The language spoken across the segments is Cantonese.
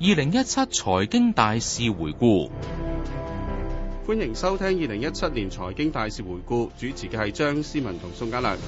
二零一七財經大事回顧，歡迎收聽二零一七年財經大事回顧，主持嘅係張詩民同宋家樑。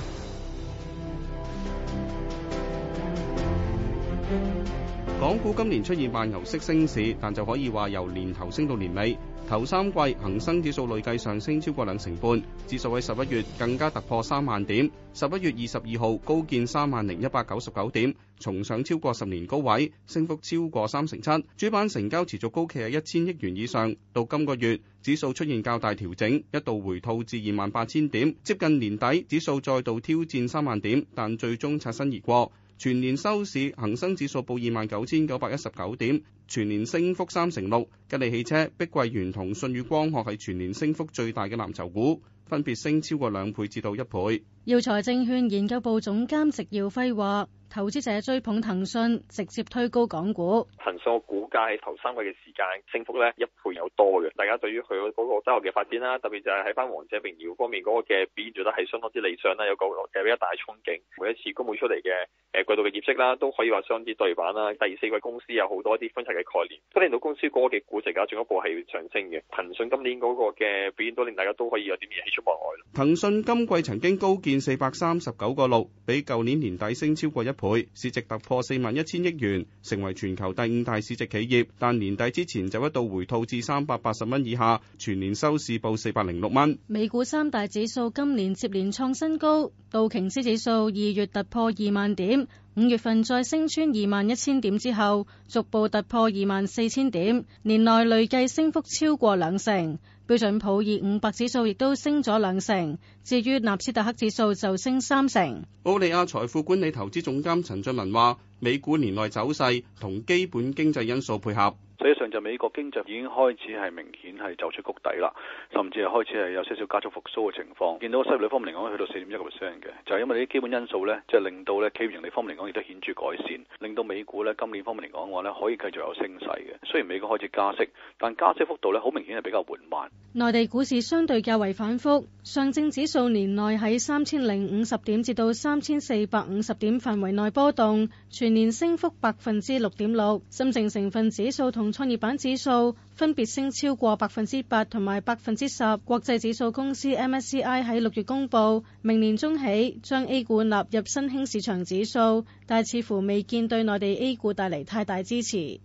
港股今年出現慢牛式升市，但就可以話由年頭升到年尾。頭三季恒生指數累計上升超過兩成半，指數喺十一月更加突破三萬點。十一月二十二號高見三萬零一百九十九點，重上超過十年高位，升幅超過三成七。主板成交持續高企喺一千億元以上。到今個月，指數出現較大調整，一度回吐至二萬八千點。接近年底，指數再度挑戰三萬點，但最終擦身而過。全年收市，恒生指數報二萬九千九百一十九點，全年升幅三成六。吉利汽車、碧桂園同舜宇光學係全年升幅最大嘅藍籌股。分別升超過兩倍至到一倍。耀才證券研究部總監植耀輝話，投資者追捧騰訊，直接推高港股。騰訊個股價喺頭三季嘅時間升幅咧一倍有多嘅。大家對於佢嗰個週後嘅發展啦，特別就係喺翻《王者榮耀》方面嗰個嘅表現做得係相當之理想啦，有個比較大憧憬。每一次公佈出嚟嘅誒季度嘅業績啦，都可以話相之對板啦。第四季公司有好多啲分拆嘅概念，都令到公司個嘅估值啊，進一步係上升嘅。騰訊今年嗰個嘅表現都令大家都可以有啲嘢。騰訊今季曾經高見四百三十九個六，比舊年年底升超過一倍，市值突破四萬一千億元，成為全球第五大市值企業。但年底之前就一度回吐至三百八十蚊以下，全年收市報四百零六蚊。美股三大指數今年接連創新高，道瓊斯指數二月突破二萬點，五月份再升穿二萬一千點之後，逐步突破二萬四千點，年內累計升幅超過兩成。標準普爾五百指數亦都升咗兩成，至於納斯達克指數就升三成。奧利亞財富管理投資總監陳俊文話，美股年內走勢同基本經濟因素配合。實際上就美國經濟已經開始係明顯係走出谷底啦，甚至係開始係有少少加速復甦嘅情況。見到個失業率方面嚟講，去到四點一個 percent 嘅，就係因為呢啲基本因素咧，即係令到咧企業盈利方面嚟講，亦都顯著改善，令到美股咧今年方面嚟講嘅話咧，可以繼續有升勢嘅。雖然美國開始加息，但加息幅度咧好明顯係比較緩慢。內地股市相對較為反覆，上證指數年內喺三千零五十點至到三千四百五十點範圍內波動，全年升幅百分之六點六。深證成分指數同同創業板指數分別升超過百分之八同埋百分之十，國際指數公司 MSCI 喺六月公布，明年中起將 A 股納入新興市場指數，但似乎未見對內地 A 股帶嚟太大支持。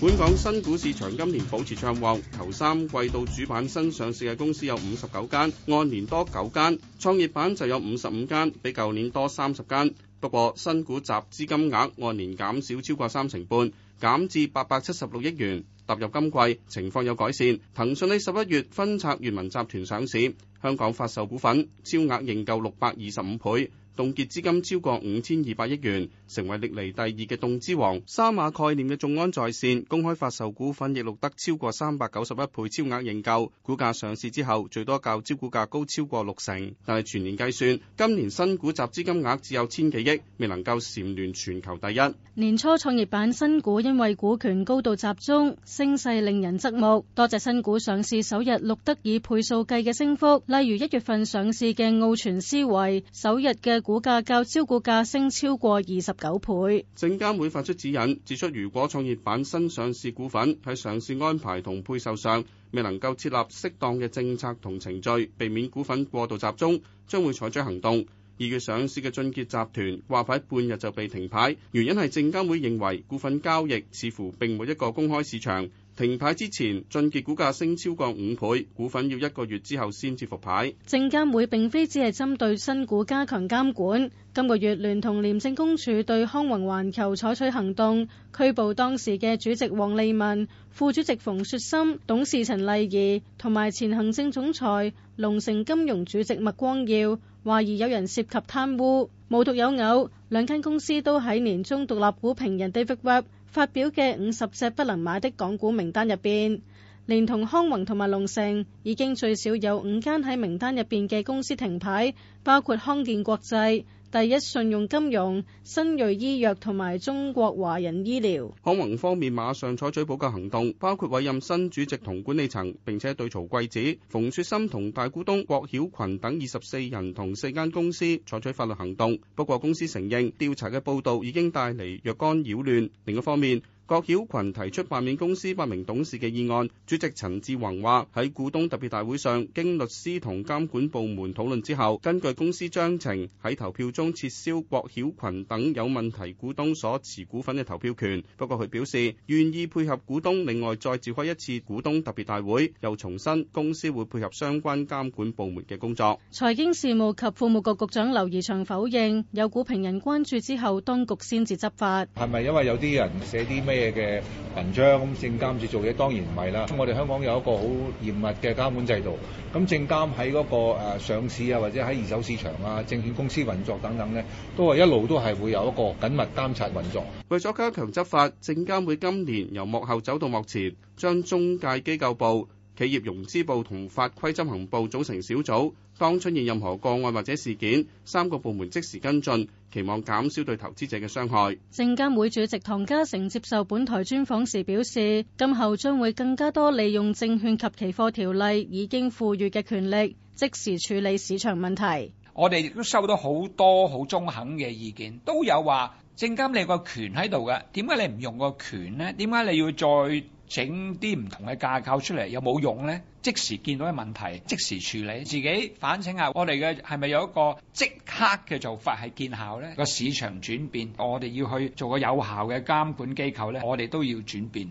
本港新股市場今年保持暢旺，頭三季度主板新上市嘅公司有五十九間，按年多九間；創業板就有五十五間，比舊年多三十間。不過新股集資金額按年減少超過三成半，減至八百七十六億元。踏入今季情況有改善，騰訊喺十一月分拆閱文集團上市，香港發售股份超額認購六百二十五倍。凍結資金超過五千二百億元，成為歷嚟第二嘅凍資王。三馬概念嘅眾安在線公開發售股份亦錄得超過三百九十一倍超額認購，股價上市之後最多較招股價高超過六成。但係全年計算，今年新股集資金額只有千幾億，未能夠蟬聯全球第一。年初創業板新股因為股權高度集中，聲勢令人側目。多隻新股上市首日錄得以倍數計嘅升幅，例如一月份上市嘅奧全思維首日嘅。股價較招股價升超過二十九倍。證監會發出指引，指出如果創業板新上市股份喺上市安排同配售上未能夠設立適當嘅政策同程序，避免股份過度集中，將會採取行動。二月上市嘅俊傑集團掛牌半日就被停牌，原因係證監會認為股份交易似乎並冇一個公開市場。停牌之前，俊傑股價升超過五倍，股份要一個月之後先至復牌。證監會並非只係針對新股加強監管，今個月聯同廉政公署對康宏環球採取行動，拘捕當時嘅主席王利文、副主席馮雪心、董事陳麗儀同埋前行政總裁龍城金融主席麥光耀，懷疑有人涉及貪污。無獨有偶，兩間公司都喺年中獨立股評人 David Webb 發表嘅五十隻不能買的港股名單入邊，連同康宏同埋龍盛，已經最少有五間喺名單入邊嘅公司停牌，包括康健國際。第一信用金融、新銳醫藥同埋中國華人醫療。康宏方面馬上採取補救行動，包括委任新主席同管理層，並且對曹貴子、馮雪心同大股東郭曉群等二十四人同四間公司採取法律行動。不過公司承認調查嘅報道已經帶嚟若干擾亂，另一方面，郭曉群提出罷免公司八名董事嘅議案，主席陳志宏話喺股東特別大會上，經律師同監管部門討論之後，根據公司章程喺投票中撤銷郭曉群等有問題股東所持股份嘅投票權。不過佢表示願意配合股東，另外再召開一次股東特別大會，又重申公司會配合相關監管部門嘅工作。財經事務及庫務局局長劉怡翔否認有股評人關注之後，當局先至執法，係咪因為有啲人寫啲咩？嘅嘅文章咁，證監處，做嘢當然唔係啦。咁我哋香港有一個好嚴密嘅監管制度，咁證監喺嗰個誒上市啊，或者喺二手市場啊，證券公司運作等等咧，都係一路都係會有一個緊密監察運作。為咗加強執法，證監會今年由幕後走到幕前，將中介機構部、企業融資部同法規執行部組成小組。當出現任何個案或者事件，三個部門即時跟進，期望減少對投資者嘅傷害。證監會主席唐家成接受本台專訪時表示，今後將會更加多利用證券及期貨條例已經賦予嘅權力，即時處理市場問題。我哋亦都收到好多好中肯嘅意見，都有話證監你個權喺度嘅，點解你唔用個權呢？點解你要再？整啲唔同嘅架構出嚟有冇用呢？即時見到嘅問題，即時處理，自己反省下我，我哋嘅係咪有一個即刻嘅做法係見效呢？個市場轉變，我哋要去做個有效嘅監管機構呢，我哋都要轉變。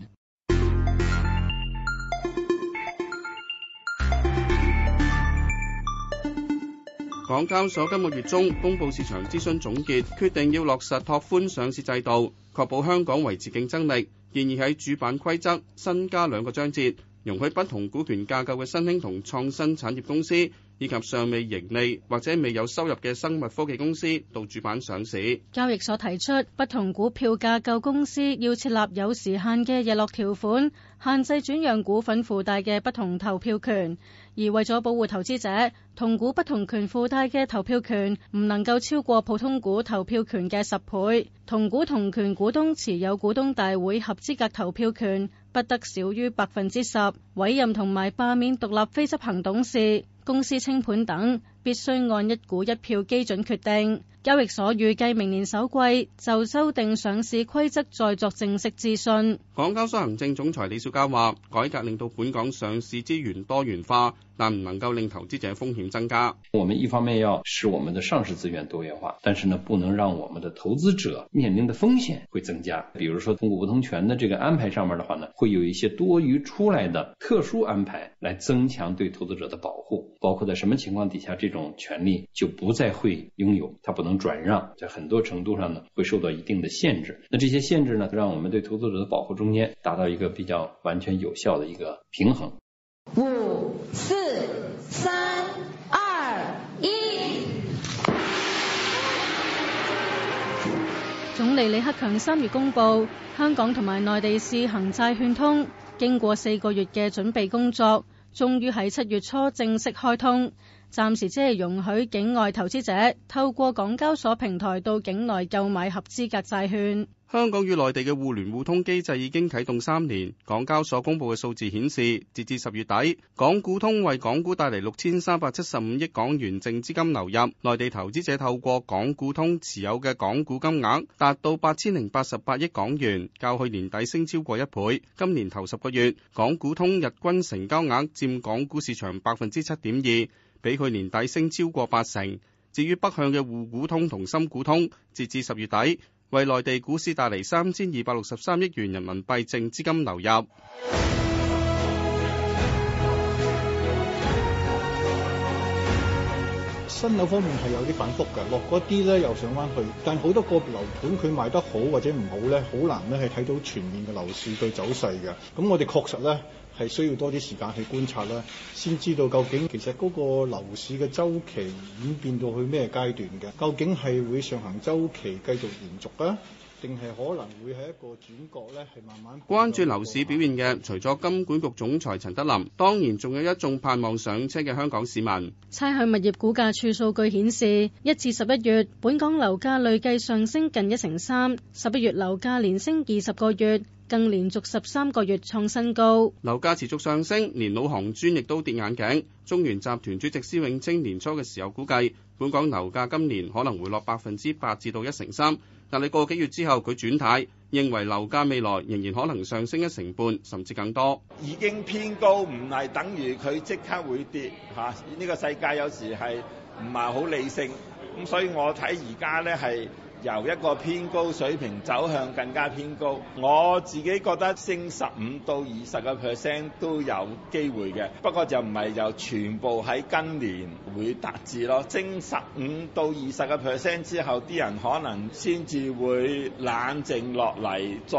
港交所今個月中公布市場諮詢總結，決定要落實拓寬上市制度，確保香港維持競爭力。建議喺主板規則新加兩個章節，容許不同股權架構嘅新興同創新產業公司，以及尚未盈利或者未有收入嘅生物科技公司到主板上市。交易所提出，不同股票架構公司要設立有時限嘅日落條款。限制轉讓股份附帶嘅不同投票權，而為咗保護投資者，同股不同權附帶嘅投票權唔能夠超過普通股投票權嘅十倍。同股同權股東持有股東大會合資格投票權不得少於百分之十。委任同埋罷免獨立非執行董事、公司清盤等，必須按一股一票基準決定。交易所預計明年首季就修訂上市規則再作正式諮詢。港交所行政總裁李小加話：，改革令到本港上市資源多元化，但唔能夠令投資者風險增加。我們一方面要使我們的上市資源多元化，但是呢，不能讓我們的投資者面臨的風險會增加。比如說，通過不同權的這個安排上面的話呢，會有一些多餘出來的特殊安排來增強對投資者的保護，包括在什麼情況底下這種權利就不再會擁有，它不能。轉讓在很多程度上呢，會受到一定的限製。那這些限制呢，讓我們對投資者的保護中間達到一個比較完全有效的一個平衡。五、四、三、二、一。總理李克強三月公布，香港同埋內地試行債券通，經過四個月嘅準備工作，終於喺七月初正式開通。暫時只係容許境外投資者透過港交所平台到境內購買合資格債券。香港與內地嘅互聯互通機制已經啟動三年。港交所公布嘅數字顯示，截至十月底，港股通為港股帶嚟六千三百七十五億港元淨資金流入。內地投資者透過港股通持有嘅港股金額達到八千零八十八億港元，較去年底升超過一倍。今年頭十個月，港股通日均成交額占港股市場百分之七點二。比去年底升超過八成。至於北向嘅滬股通同深股通，截至十月底，為內地股市帶嚟三千二百六十三億元人民幣淨資金流入。新樓方面係有啲反覆嘅，落嗰啲咧又上翻去，但好多個別樓盤佢賣得好或者唔好咧，好難咧係睇到全面嘅樓市對走勢嘅。咁我哋確實咧。係需要多啲時間去觀察啦，先知道究竟其實嗰個樓市嘅周期已演變到去咩階段嘅？究竟係會上行周期繼續延續啊，定係可能會係一個轉角咧，係慢慢關注樓市表現嘅。除咗金管局總裁陳德霖，當然仲有一眾盼望上車嘅香港市民。差餉物業估價處數據顯示，一至十一月本港樓價累計上升近一成三，十一月樓價連升二十個月。更連續十三個月創新高，樓價持續上升，連老行尊亦都跌眼鏡。中原集團主席施永青年初嘅時候估計，本港樓價今年可能回落百分之八至到一成三，但係過幾月之後佢轉態，認為樓價未來仍然可能上升一成半甚至更多。已經偏高，唔係等於佢即刻會跌吓。呢、啊呢個世界有時係唔係好理性，咁所以我睇而家呢係，由一個偏高水平走向更加偏高，我自己覺得升十五到二十個 percent 都有機會嘅，不過就唔係由全部喺今年會達至囉，升十五到二十個 percent 之後，啲人可能先至會冷靜落嚟，再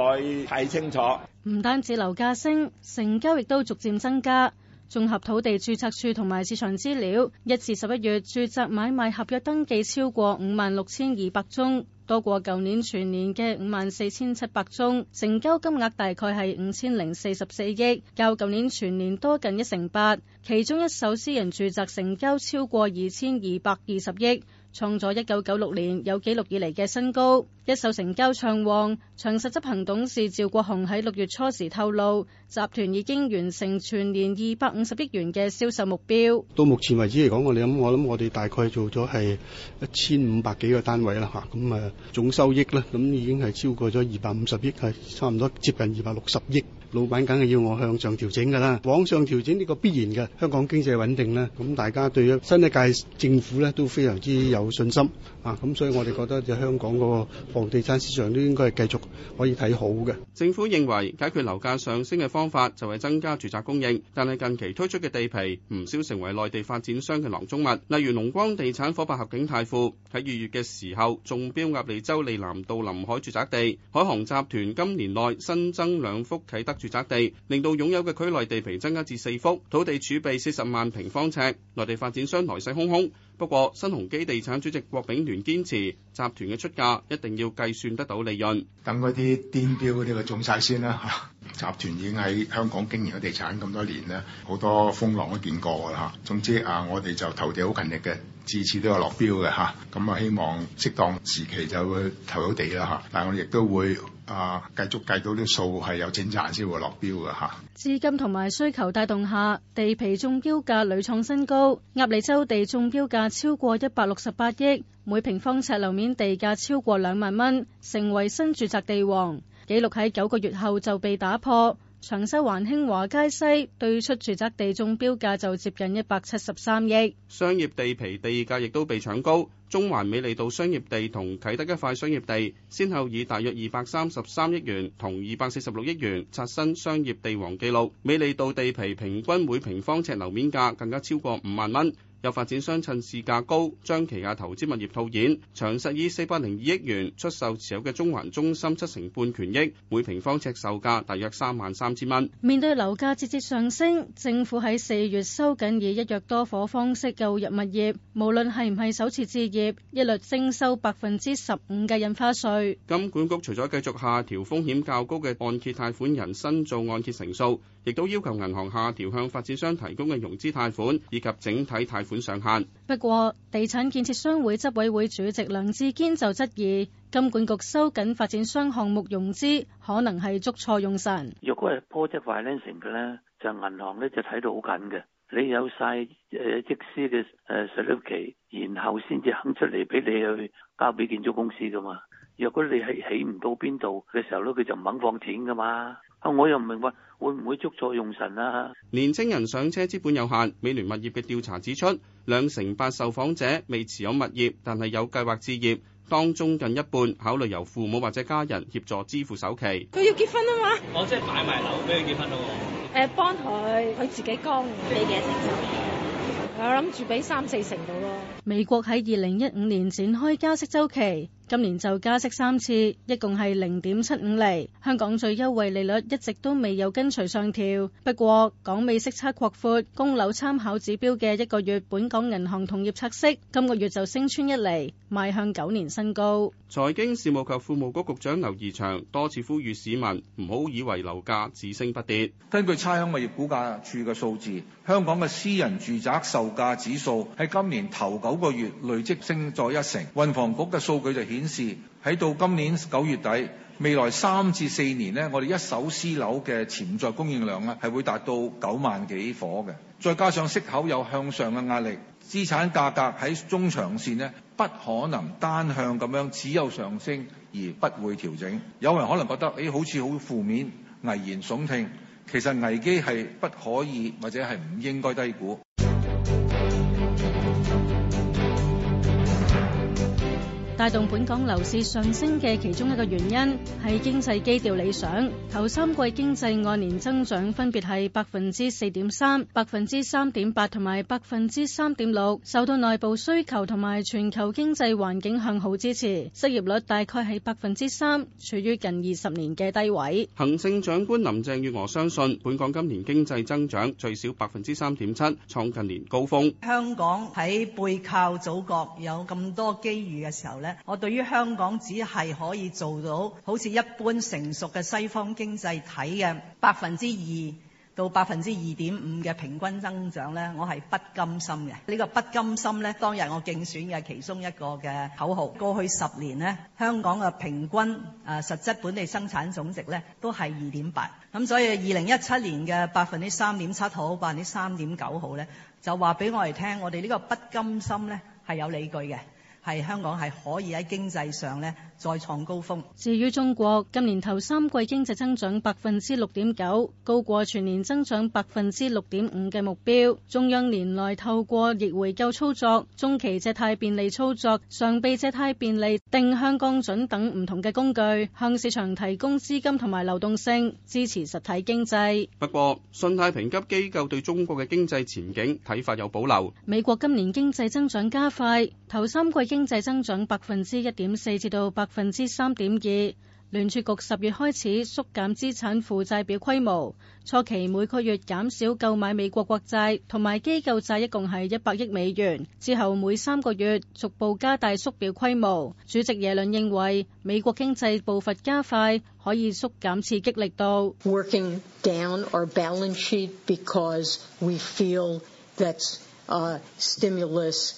睇清楚。唔單止樓價升，成交亦都逐漸增加。綜合土地注冊處同埋市場資料，一至十一月住宅買賣合約登記超過五萬六千二百宗，多過舊年全年嘅五萬四千七百宗，成交金額大概係五千零四十四億，較舊年全年多近一成八。其中一手私人住宅成交超過二千二百二十億，創咗一九九六年有紀錄以嚟嘅新高。一手成交暢旺，長實執行董事趙國雄喺六月初時透露，集團已經完成全年二百五十億元嘅銷售目標。到目前為止嚟講，我哋諗我諗我哋大概做咗係一千五百幾個單位啦，嚇咁誒總收益咧，咁已經係超過咗二百五十億，係差唔多接近二百六十億。老闆梗係要我向上調整㗎啦，往上調整呢個必然嘅。香港經濟穩定咧，咁大家對於新一屆政府咧都非常之有信心啊，咁所以我哋覺得就香港嗰個房地產市場都應該係繼續可以睇好嘅。政府認為解決樓價上升嘅方法就係增加住宅供應，但係近期推出嘅地皮唔少成為內地發展商嘅囊中物。例如龍光地產夥拍合景泰富喺二月嘅時候中標鴨脷洲利南道臨海住宅地，海航集團今年內新增兩幅啟德住宅地，令到擁有嘅區內地皮增加至四幅，土地儲備四十萬平方尺，內地發展商來勢洶洶。不過，新鴻基地產主席郭炳聯堅持集團嘅出價一定要計算得到利潤，等嗰啲癲標嗰啲個中晒先啦嚇、啊。集團已經喺香港經營咗地產咁多年啦，好多風浪都見過㗎啦嚇。總之啊，我哋就投地好勤力嘅，次次都有落標嘅嚇。咁啊，啊，希望適當時期就會投到地啦嚇、啊。但係我哋亦都會。啊！繼續計到啲數係有錢賺先會落標㗎嚇。資金同埋需求帶動下，地皮中標價屢創新高。鴨脷洲地中標價超過一百六十八億，每平方尺樓面地價超過兩萬蚊，成為新住宅地王。記錄喺九個月後就被打破。長西環興華街西對出住宅地中標價就接近一百七十三億，商業地皮地價亦都被搶高。中環美利道商業地同啟德一塊商業地先後以大約二百三十三億元同二百四十六億元刷新商業地王紀錄，美利道地皮平均每平方尺樓面價更加超過五萬蚊。有發展商趁市價高，將旗下投資物業套現，長實以四百零二億元出售持有嘅中環中心七成半權益，每平方尺售價大約三萬三千蚊。面對樓價節節上升，政府喺四月收緊以一約多伙方式購入物業，無論係唔係首次置業，一律徵收百分之十五嘅印花稅。金管局除咗繼續下調風險較高嘅按揭貸款人新做按揭成數，亦都要求銀行下調向發展商提供嘅融資貸款以及整體貸款。款上限。不過，地產建設商會執委會主席梁志堅就質疑，金管局收緊發展商項目融資，可能係捉錯用神。若果係 project financing 嘅咧，就銀行咧就睇到好緊嘅。你有晒誒積師嘅誒實力期，然後先至肯出嚟俾你去交俾建築公司噶嘛。若果你係起唔到邊度嘅時候咧，佢就唔肯放錢噶嘛。啊！我又唔明白，會唔會捉錯用神啊？年青人上車資本有限，美聯物業嘅調查指出，兩成八受訪者未持有物業，但係有計劃置業，當中近一半考慮由父母或者家人協助支付首期。佢要結婚啊嘛，我即係買埋樓俾佢結婚咯。誒、呃，幫佢，佢自己供俾幾多成？我諗住俾三四成度咯。美國喺二零一五年展開加息週期。今年就加息三次，一共係零點七五厘，香港最優惠利率一直都未有跟隨上調不過港美息差擴闊供樓參考指標嘅一個月本港銀行同業拆息今個月就升穿一厘顯示喺到今年九月底，未來三至四年呢，我哋一手私樓嘅潛在供應量呢係會達到九萬幾夥嘅。再加上息口有向上嘅壓力，資產價格喺中長線呢不可能單向咁樣只有上升而不會調整。有人可能覺得，誒、哎、好似好負面，危言聳聽，其實危機係不可以或者係唔應該低估。帶動本港樓市上升嘅其中一個原因係經濟基調理想，頭三季經濟按年增長分別係百分之四點三、百分之三點八同埋百分之三點六，受到內部需求同埋全球經濟環境向好支持，失業率大概係百分之三，處於近二十年嘅低位。行政長官林鄭月娥相信，本港今年經濟增長最少百分之三點七，創近年高峰。香港喺背靠祖國有咁多機遇嘅時候呢，我對於香港只係可以做到好似一般成熟嘅西方經濟體嘅百分之二到百分之二點五嘅平均增長呢，我係不甘心嘅。呢個不甘心呢，當日我競選嘅其中一個嘅口號。過去十年呢，香港嘅平均誒實質本地生產總值呢都係二點八。咁所以二零一七年嘅百分之三點七好，百分之三點九好呢，就話俾我哋聽，我哋呢個不甘心呢係有理據嘅。係香港係可以喺經濟上呢再創高峰。至於中國，今年頭三季經濟增長百分之六點九，高過全年增長百分之六點五嘅目標。中央年內透過逆回購操作、中期借貸便利操作、常備借貸便利、定向降準等唔同嘅工具，向市場提供資金同埋流動性，支持實體經濟。不過，信貸評級機構對中國嘅經濟前景睇法有保留。美國今年經濟增長加快，頭三季。經濟增長百分之一點四至到百分之三點二。聯儲局十月開始縮減資產負債表規模，初期每個月減少購買美國國債同埋機構債一共係一百億美元，之後每三個月逐步加大縮表規模。主席耶倫認為美國經濟步伐加快，可以縮減刺激力度。Working down our balance sheet because we feel that's a stimulus.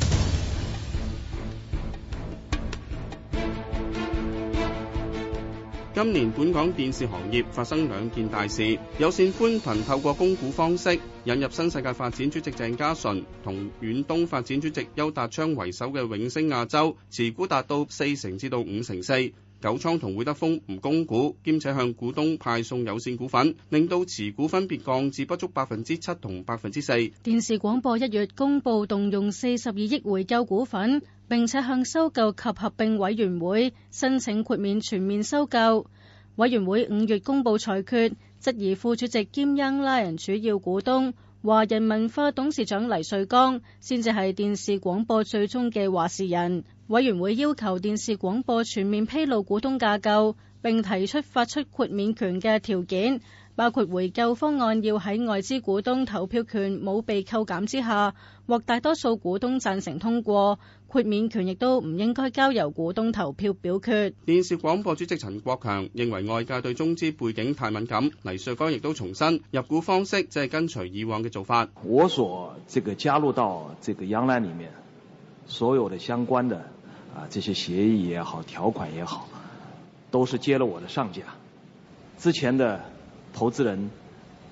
今年本港電視行業發生兩件大事，有線寬頻透過供股方式引入新世界發展主席鄭家純同遠東發展主席邱達昌為首嘅永升亞洲持股達到四成至到五成四，九倉同會德豐唔供股，兼且向股東派送有線股份，令到持股分別降至不足百分之七同百分之四。電視廣播一月公布動用四十二億回購股份。並且向收購及合併委員會申請豁免全面收購。委員會五月公布裁決，質疑副主席兼英拉人主要股東華人文化董事長黎瑞剛，先至係電視廣播最終嘅話事人。委員會要求電視廣播全面披露股東架構，並提出發出豁免權嘅條件。包括回購方案要喺外資股東投票權冇被扣減之下，獲大多數股東贊成通過，豁免權亦都唔應該交由股東投票表決。電視廣播主席陳國強認為外界對中資背景太敏感，黎瑞剛，亦都重申入股方式即係跟隨以往嘅做法。我所這個加入到這個央覽裡面，所有的相關的啊這些協議也好、條款也好，都是接了我的上家之前的。投資人、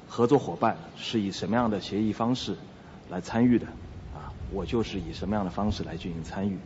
合作伙伴是以什麼樣的協議方式來參與的？啊，我就是以什麼樣的方式來進行參與。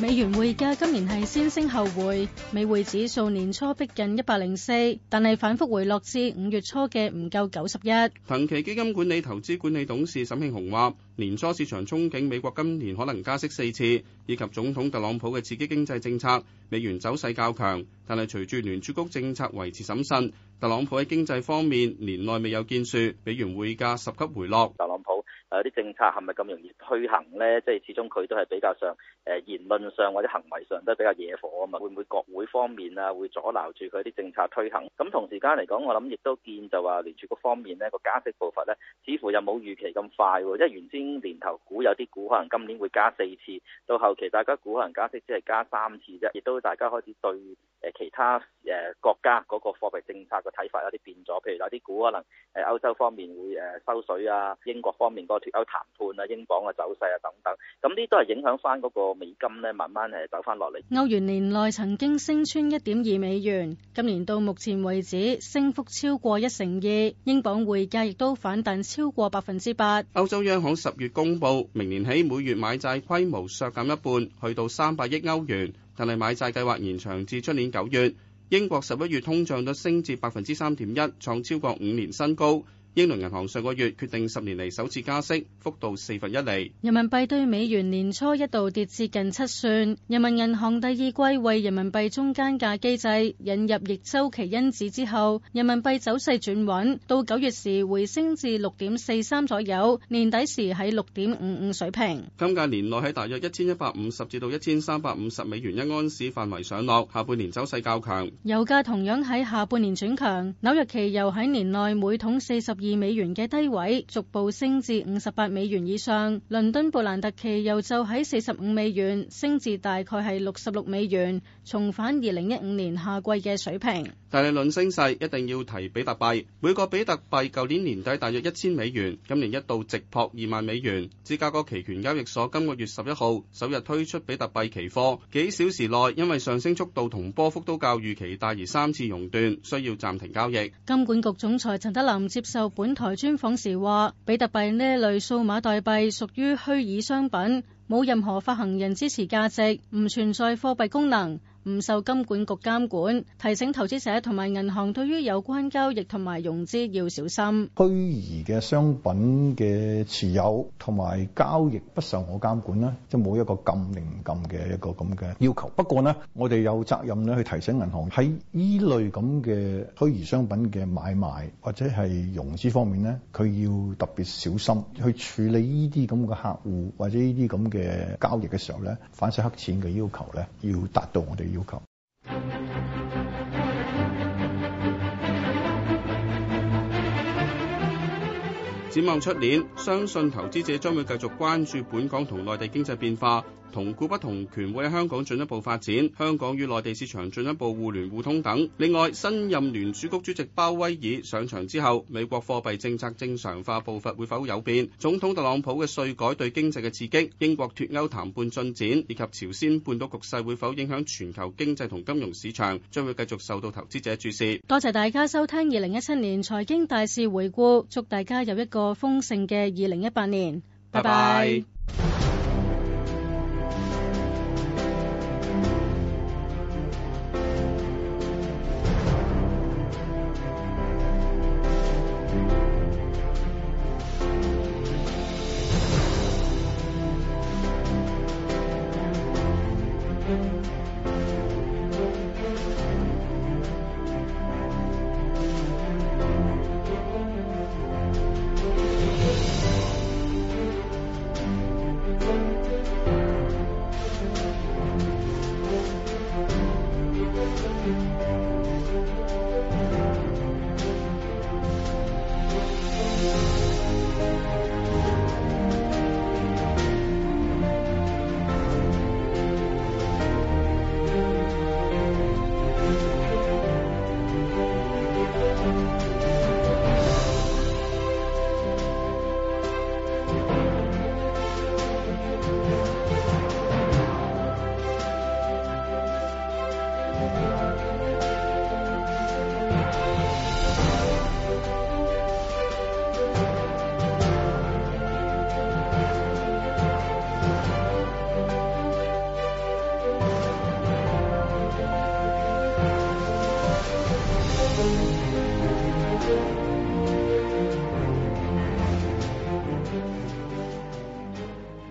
美元匯價今年係先升後回，美匯指數年初逼近一百零四，但係反覆回落至五月初嘅唔夠九十一。騰期基金管理投資管理董事沈慶雄話：年初市場憧憬美國今年可能加息四次，以及總統特朗普嘅刺激經濟政策，美元走勢較強。但係隨住聯儲局政策維持審慎，特朗普喺經濟方面年內未有建樹，美元匯價十級回落。特朗普誒啲、啊、政策係咪咁容易推行呢？即係始終佢都係比較上誒、呃、言論上或者行為上都係比較惹火啊嘛。會唔會國會方面啊會阻撓住佢啲政策推行？咁、嗯、同時間嚟講，我諗亦都見就話聯儲局方面呢個加息步伐呢，似乎又冇預期咁快、啊。因為原先年頭股有啲股可能今年會加四次，到後期大家股可能加息只係加三次啫。亦都大家開始對誒其他誒國家嗰個貨幣政策個睇法有啲變咗。譬如有啲股可能誒歐洲方面會誒收水啊，英國方面脫歐談判啊、英鎊嘅走勢啊等等，咁呢啲都係影響翻嗰個美金咧，慢慢係走翻落嚟。歐元年內曾經升穿一點二美元，今年到目前為止升幅超過一成二，英鎊匯價亦都反彈超過百分之八。歐洲央行十月公佈，明年起每月買債規模削減一半，去到三百億歐元，但係買債計劃延長至出年九月。英國十一月通脹都升至百分之三點一，創超過五年新高。英倫銀行上個月決定十年嚟首次加息，幅度四分一厘。人民幣對美元年初一度跌至近七算，人民銀行第二季為人民幣中間價機制引入逆周期因子之後，人民幣走勢轉穩，到九月時回升至六點四三左右，年底時喺六點五五水平。金價年內喺大約一千一百五十至到一千三百五十美元一盎司範圍上落，下半年走勢較強。油價同樣喺下半年轉強，紐約期油喺年內每桶四十二。二美元嘅低位逐步升至五十八美元以上，倫敦布蘭特期油就喺四十五美元升至大概係六十六美元，重返二零一五年夏季嘅水平。但係論升勢，一定要提比特幣。每個比特幣舊年年底大約一千美元，今年一度直撲二萬美元。芝加哥期權交易所今個月十一號首日推出比特幣期貨，幾小時內因為上升速度同波幅都較預期大而三次熔斷，需要暫停交易。金管局總裁陳德霖接受本台專訪時話，比特幣呢類數碼代幣屬於虛擬商品，冇任何發行人支持價值，唔存在貨幣功能。唔受金管局監管，提醒投資者同埋銀行對於有關交易同埋融資要小心。虛擬嘅商品嘅持有同埋交易不受我監管啦，即係冇一個禁令禁嘅一個咁嘅要求。不過咧，我哋有責任咧去提醒銀行喺依類咁嘅虛擬商品嘅買賣或者係融資方面咧，佢要特別小心去處理呢啲咁嘅客戶或者呢啲咁嘅交易嘅時候咧，反洗黑錢嘅要求咧要達到我哋展望出年，相信投資者將會繼續關注本港同內地經濟變化。同股不同權會喺香港進一步發展，香港與內地市場進一步互聯互通等。另外，新任聯儲局主席鮑威爾上場之後，美國貨幣政策正常化步伐會否有變？總統特朗普嘅稅改對經濟嘅刺激，英國脫歐談判進展以及朝鮮半島局勢會否影響全球經濟同金融市場，將會繼續受到投資者注視。多謝大家收聽二零一七年財經大事回顧，祝大家有一個豐盛嘅二零一八年。拜拜。拜拜。